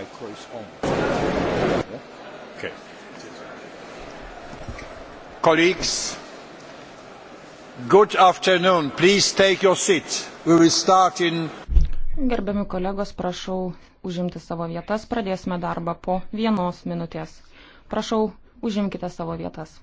by Croyce Holmes. Okay. Colleagues, good afternoon. Please take your seat. We will start in. Gerbiami kolegos, prašau užimti savo vietas. Pradėsime darbą po vienos minutės. Prašau, užimkite savo vietas.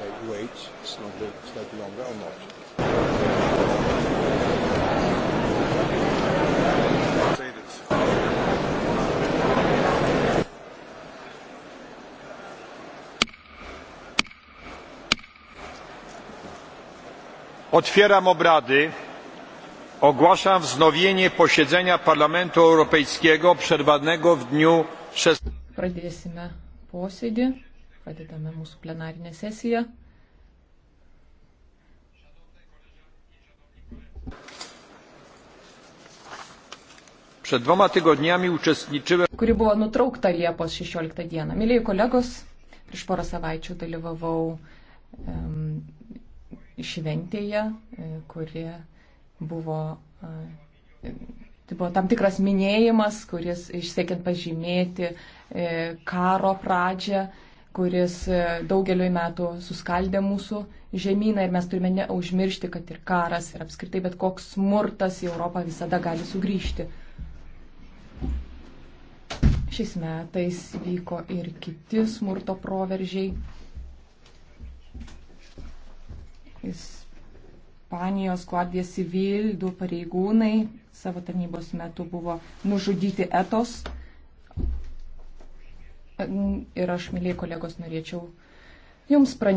bij UH slightly, slightly longer or not? Otwieram obrady. Ogłaszam wznowienie posiedzenia Parlamentu Europejskiego przerwanego w dniu 16. Pradėsime posėdį. Pradedame mūsų plenarinę sesiją. Przed dwoma tygodniami uczestniczyłem. kuri buvo nutraukta Liepos 16 dieną. Mėlyje kolegos, prieš porą savaičių dalyvavau um, šventėje, e, kuri buvo, uh, tai buvo tam tikras minėjimas, kuris išsiekiant pažymėti uh, karo pradžią uh, kuris e, daugeliu metų suskaldė mūsų žemyną ir mes turime neužmiršti, kad ir karas ir apskritai bet koks smurtas į Europą visada gali sugrįžti. Šiais metais vyko ir kiti smurto proveržiai. Ispanijos guardia civil du pareigūnai savo tarnybos metu buvo nužudyti etos Ir aš, myliai kolegos, norėčiau Jums pranešti.